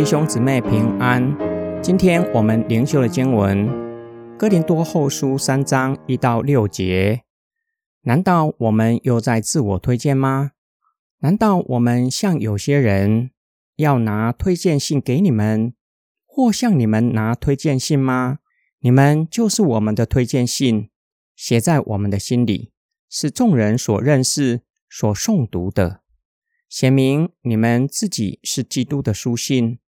弟兄姊妹平安。今天我們靈修的經文《哥林多後書》三章一到六節。難道我們又在自我推薦嗎？難道我們像有些人要拿推薦信給你們，或向你們拿推薦信嗎？你們就是我們的推薦信，寫在我們的心裡，是眾人所認識、所誦讀的，寫明你們自己是基督的書信。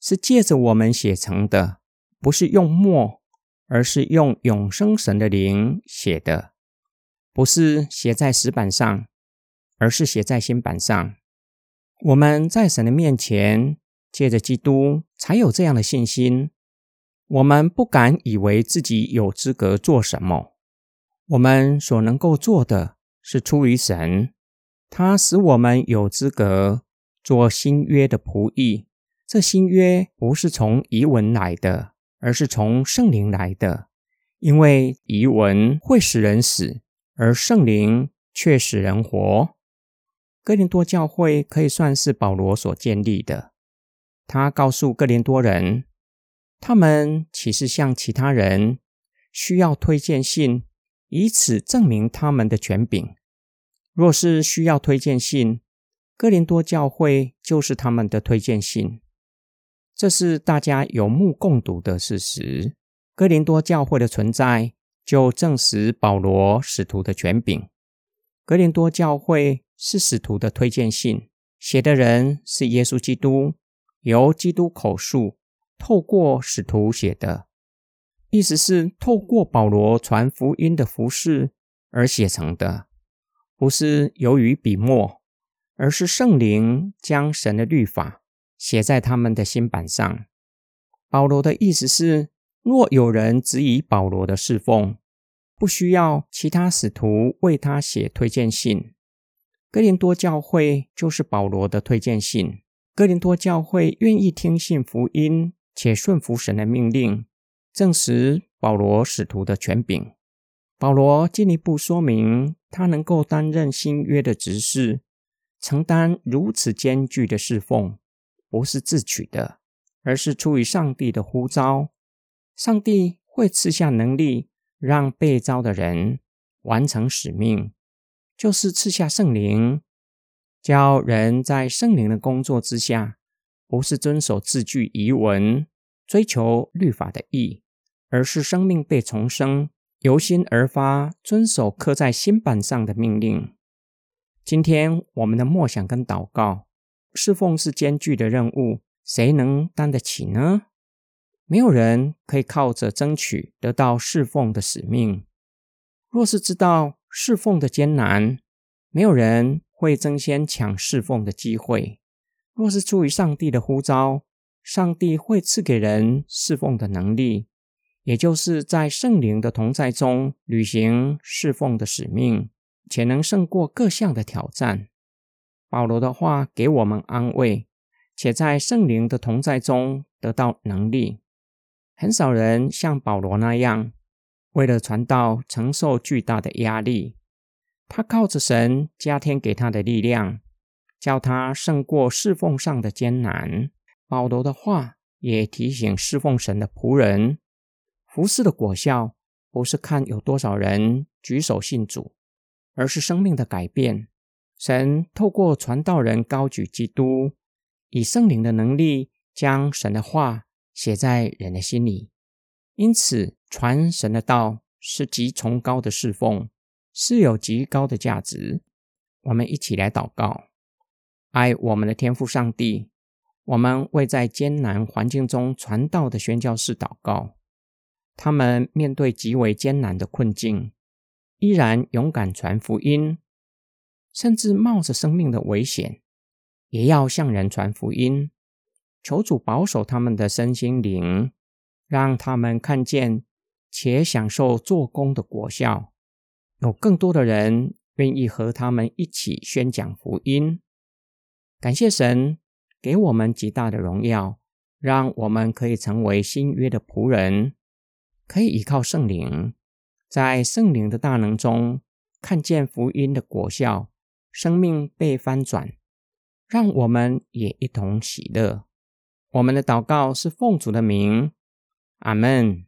是借着我們寫成的，不是用墨，而是用永生神的靈寫的；不是寫在石版上，而是寫在心版上。我們在神的面前，借着基督才有這樣的信心。我們不敢以為自己有資格做什麼。我們所能夠做的是出於神，他使我們有資格做新約的僕役。這新約不是從儀文來的，而是從聖靈來的。因為儀文會使人死，而聖靈卻使人活。哥林多教會可以算是保羅所建立的。他告訴哥林多人，他們其實像其他人，需要推薦信，以此證明他們的權柄。若是需要推薦信，哥林多教會就是他們的推薦信。這是大家有目共睹的事實。哥林多教會的存在就證實保羅使徒的權柄。哥林多教會是使徒的推薦信，寫的人是耶穌基督，由基督口述，透過使徒寫的，意思是透過保羅傳福音的服事而寫成的，不是由於筆墨，而是聖靈將神的律法。寫在他們的心板上。保羅的意思是，若有人質疑保羅的侍奉，不需要其他使徒為他寫推薦信。哥林多教會就是保羅的推薦信。哥林多教會願意聽信福音且順服神的命令，證實保羅使徒的權柄。保羅進一步說明，他能夠擔任新約的執事，承擔如此艱鉅的侍奉。不是自取的，而是出於上帝的呼召。上帝會賜下能力，讓被召的人完成使命，就是賜下聖靈，教人在聖靈的工作之下，不是遵守字句、遺文，追求律法的義，而是生命被重生，由心而發，遵守刻在心板上的命令。今天我們的默想跟禱告。侍奉是艱鉅的任務，誰能擔得起呢？沒有人可以靠着爭取得到侍奉的使命。若是知道侍奉的艱難，沒有人會爭先搶侍奉的機會。若是出於上帝的呼召，上帝會賜給人侍奉的能力，也就是在聖靈的同在中履行侍奉的使命，且能勝過各項的挑戰。保羅的話給我們安慰，且在聖靈的同在中得到能力。很少人像保羅那樣，為了傳道承受巨大的壓力。他靠着神加添給他的力量，叫他勝過侍奉上的艱難。保羅的話也提醒侍奉神的僕人，服侍的果效不是看有多少人舉手信主，而是生命的改變。神透過傳道人高舉基督，以聖靈的能力將神的話寫在人的心裡。因此，傳神的道是極崇高的侍奉，是有極高的價值。我們一起來禱告：愛我們的天父上帝，我們為在艱難環境中傳道的宣教士禱告。他們面對極為艱難的困境，依然勇敢傳福音。甚至冒着生命的危險，也要向人傳福音，求主保守他們的身心靈，讓他們看見且享受做工的果效，有更多的人願意和他們一起宣講福音。感謝神給我們極大的榮耀，讓我們可以成為新約的僕人，可以依靠聖靈，在聖靈的大能中看見福音的果效。生命被翻轉，讓我們也一同喜樂。我們的禱告是奉主的名，阿門。